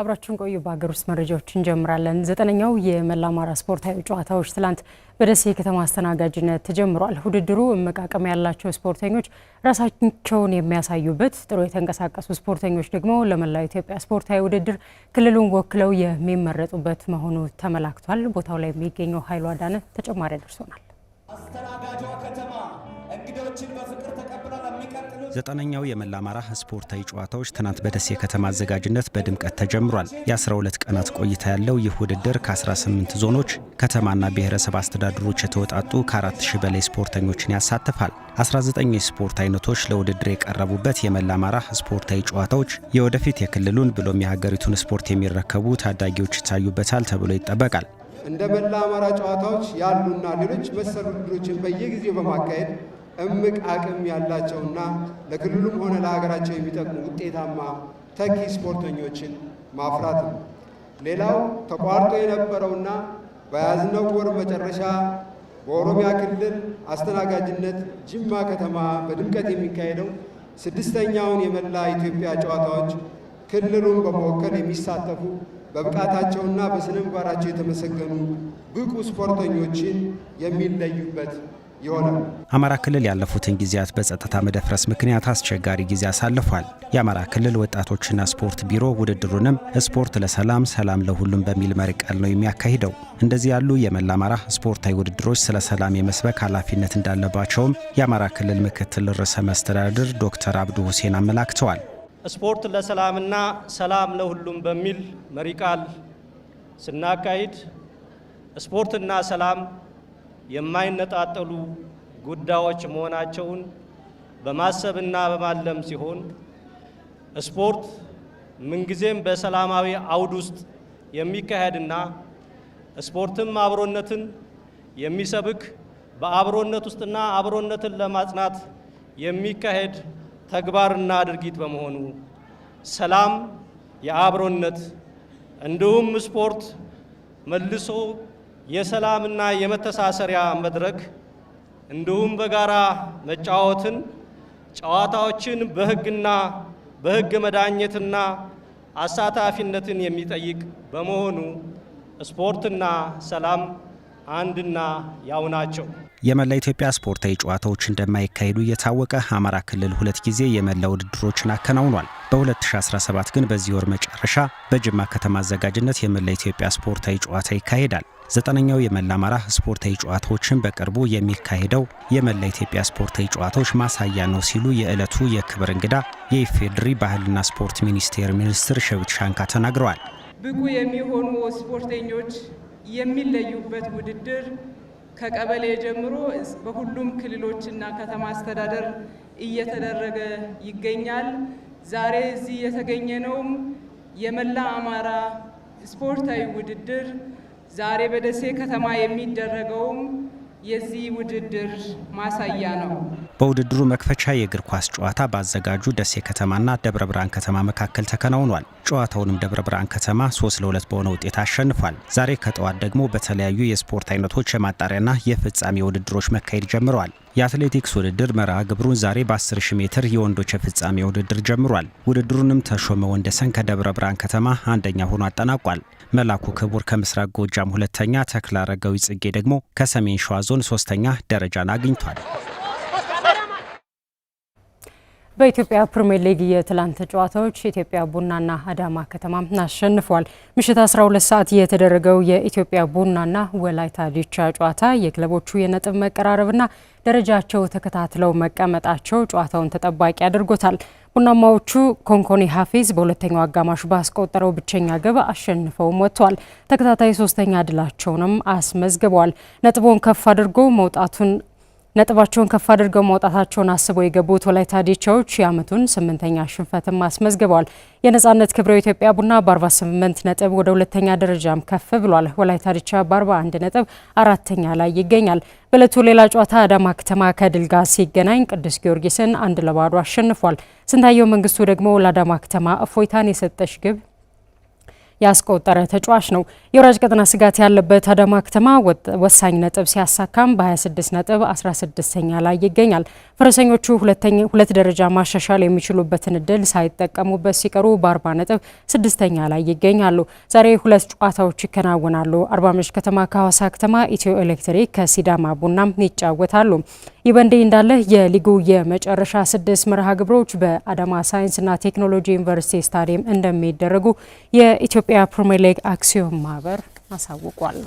አብራችሁን ቆዩ። በሀገር ውስጥ መረጃዎች እንጀምራለን። ዘጠነኛው የመላ አማራ ስፖርታዊ ጨዋታዎች ትላንት በደሴ ከተማ አስተናጋጅነት ተጀምሯል። ውድድሩ መቃቀም ያላቸው ስፖርተኞች ራሳቸውን የሚያሳዩበት፣ ጥሩ የተንቀሳቀሱ ስፖርተኞች ደግሞ ለመላው ኢትዮጵያ ስፖርታዊ ውድድር ክልሉን ወክለው የሚመረጡበት መሆኑ ተመላክቷል። ቦታው ላይ የሚገኘው ኃይሉ አዳነ ተጨማሪ ደርሶናል። ዘጠነኛው የመላ አማራ ስፖርታዊ ጨዋታዎች ትናንት በደሴ ከተማ አዘጋጅነት በድምቀት ተጀምሯል። የ12 ቀናት ቆይታ ያለው ይህ ውድድር ከ18 ዞኖች ከተማና ብሔረሰብ አስተዳደሮች የተወጣጡ ከ4000 በላይ ስፖርተኞችን ያሳትፋል። 19 የስፖርት አይነቶች ለውድድር የቀረቡበት የመላ አማራ ስፖርታዊ ጨዋታዎች የወደፊት የክልሉን ብሎም የሀገሪቱን ስፖርት የሚረከቡ ታዳጊዎች ይታዩበታል ተብሎ ይጠበቃል። እንደ መላ አማራ ጨዋታዎች ያሉና ሌሎች መሰል ውድድሮችን በየጊዜው በማካሄድ እምቅ አቅም ያላቸውና ለክልሉም ሆነ ለሀገራቸው የሚጠቅሙ ውጤታማ ተኪ ስፖርተኞችን ማፍራት ነው። ሌላው ተቋርጦ የነበረውና በያዝነው ወር መጨረሻ በኦሮሚያ ክልል አስተናጋጅነት ጅማ ከተማ በድምቀት የሚካሄደው ስድስተኛውን የመላ ኢትዮጵያ ጨዋታዎች ክልሉን በመወከል የሚሳተፉ በብቃታቸውና በስነ ምግባራቸው የተመሰገኑ ብቁ ስፖርተኞችን የሚለዩበት ይሆናል። አማራ ክልል ያለፉትን ጊዜያት በጸጥታ መደፍረስ ምክንያት አስቸጋሪ ጊዜ አሳልፏል። የአማራ ክልል ወጣቶችና ስፖርት ቢሮ ውድድሩንም ስፖርት ለሰላም ሰላም ለሁሉም በሚል መሪ ቃል ነው የሚያካሂደው። እንደዚህ ያሉ የመላ አማራ ስፖርታዊ ውድድሮች ስለ ሰላም የመስበክ ኃላፊነት እንዳለባቸውም የአማራ ክልል ምክትል ርዕሰ መስተዳድር ዶክተር አብዱ ሁሴን አመላክተዋል። ስፖርት ለሰላምና ሰላም ለሁሉም በሚል መሪ ቃል ስናካሂድ ስፖርትና ሰላም የማይነጣጠሉ ጉዳዮች መሆናቸውን በማሰብና በማለም ሲሆን ስፖርት ምንጊዜም በሰላማዊ አውድ ውስጥ የሚካሄድና ስፖርትም አብሮነትን የሚሰብክ በአብሮነት ውስጥና አብሮነትን ለማጽናት የሚካሄድ ተግባርና ድርጊት በመሆኑ ሰላም የአብሮነት እንዲሁም ስፖርት መልሶ የሰላምና የመተሳሰሪያ መድረክ እንዲሁም በጋራ መጫወትን፣ ጨዋታዎችን በህግና በህግ መዳኘትና አሳታፊነትን የሚጠይቅ በመሆኑ ስፖርትና ሰላም አንድና ያው ናቸው። የመላ ኢትዮጵያ ስፖርታዊ ጨዋታዎች እንደማይካሄዱ እየታወቀ አማራ ክልል ሁለት ጊዜ የመላ ውድድሮችን አከናውኗል። በ2017 ግን በዚህ ወር መጨረሻ በጅማ ከተማ አዘጋጅነት የመላ ኢትዮጵያ ስፖርታዊ ጨዋታ ይካሄዳል። ዘጠነኛው የመላ አማራ ስፖርታዊ ጨዋታዎችን በቅርቡ የሚካሄደው የመላ ኢትዮጵያ ስፖርታዊ ጨዋታዎች ማሳያ ነው ሲሉ የዕለቱ የክብር እንግዳ የኢፌዴሪ ባህልና ስፖርት ሚኒስቴር ሚኒስትር ሸዊት ሻንካ ተናግረዋል። ብቁ የሚሆኑ ስፖርተኞች የሚለዩበት ውድድር ከቀበሌ ጀምሮ በሁሉም ክልሎችና ከተማ አስተዳደር እየተደረገ ይገኛል። ዛሬ እዚህ የተገኘነውም የመላ አማራ ስፖርታዊ ውድድር ዛሬ በደሴ ከተማ የሚደረገውም የዚህ ውድድር ማሳያ ነው። በውድድሩ መክፈቻ የእግር ኳስ ጨዋታ በአዘጋጁ ደሴ ከተማና ደብረ ብርሃን ከተማ መካከል ተከናውኗል። ጨዋታውንም ደብረ ብርሃን ከተማ ሶስት ለሁለት በሆነ ውጤት አሸንፏል። ዛሬ ከጠዋት ደግሞ በተለያዩ የስፖርት አይነቶች የማጣሪያና የፍጻሜ ውድድሮች መካሄድ ጀምረዋል። የአትሌቲክስ ውድድር መርሃ ግብሩን ዛሬ በ10,000 ሜትር የወንዶች የፍጻሜ ውድድር ጀምሯል። ውድድሩንም ተሾመ ወንደሰን ከደብረ ብርሃን ከተማ አንደኛ ሆኖ አጠናቋል። መላኩ ክቡር ከምስራቅ ጎጃም ሁለተኛ፣ ተክለ አረጋዊ ጽጌ ደግሞ ከሰሜን ሸዋ ዞን ሶስተኛ ደረጃን አግኝቷል። በኢትዮጵያ ፕሪሚየር ሊግ የትላንት ጨዋታዎች ኢትዮጵያ ቡናና አዳማ ከተማ አሸንፏል። ምሽት 12 ሰዓት የተደረገው የኢትዮጵያ ቡናና ወላይታ ዲቻ ጨዋታ የክለቦቹ የነጥብ መቀራረብና ደረጃቸው ተከታትለው መቀመጣቸው ጨዋታውን ተጠባቂ አድርጎታል። ቡናማዎቹ ኮንኮኒ ሀፊዝ በሁለተኛው አጋማሽ ባስቆጠረው ብቸኛ ግብ አሸንፈውም ወጥቷል። ተከታታይ ሶስተኛ ድላቸውንም አስመዝግበዋል። ነጥቦን ከፍ አድርጎ መውጣቱን ነጥባቸውን ከፍ አድርገው መውጣታቸውን አስበው የገቡት ወላይታ ዲቻዎች የዓመቱን ስምንተኛ ሽንፈትም አስመዝግበዋል። የነጻነት ክብረው ኢትዮጵያ ቡና በ48 ነጥብ ወደ ሁለተኛ ደረጃም ከፍ ብሏል። ወላይታ ዲቻ በ41 ነጥብ አራተኛ ላይ ይገኛል። በዕለቱ ሌላ ጨዋታ አዳማ ከተማ ከድል ጋር ሲገናኝ ቅዱስ ጊዮርጊስን አንድ ለባዶ አሸንፏል። ስንታየው መንግስቱ ደግሞ ለአዳማ ከተማ እፎይታን የሰጠች ግብ ያስቆጠረ ተጫዋች ነው። የወራጅ ቀጠና ስጋት ያለበት አዳማ ከተማ ወሳኝ ነጥብ ሲያሳካም በ26 ነጥብ 16ኛ ላይ ይገኛል። ፈረሰኞቹ ሁለት ደረጃ ማሻሻል የሚችሉበትን እድል ሳይጠቀሙበት ሲቀሩ በ40 ነጥብ ስድስተኛ ላይ ይገኛሉ። ዛሬ ሁለት ጨዋታዎች ይከናወናሉ። አርባ ምንጭ ከተማ ከሐዋሳ ከተማ፣ ኢትዮ ኤሌክትሪክ ከሲዳማ ቡናም ይጫወታሉ። ይህ በእንዲህ እንዳለ የሊጉ የመጨረሻ ስድስት መርሃ ግብሮች በአዳማ ሳይንስና ቴክኖሎጂ ዩኒቨርሲቲ ስታዲየም እንደሚደረጉ የኢትዮጵያ ፕሪምየር ሊግ አክሲዮን ማህበር አሳውቋል።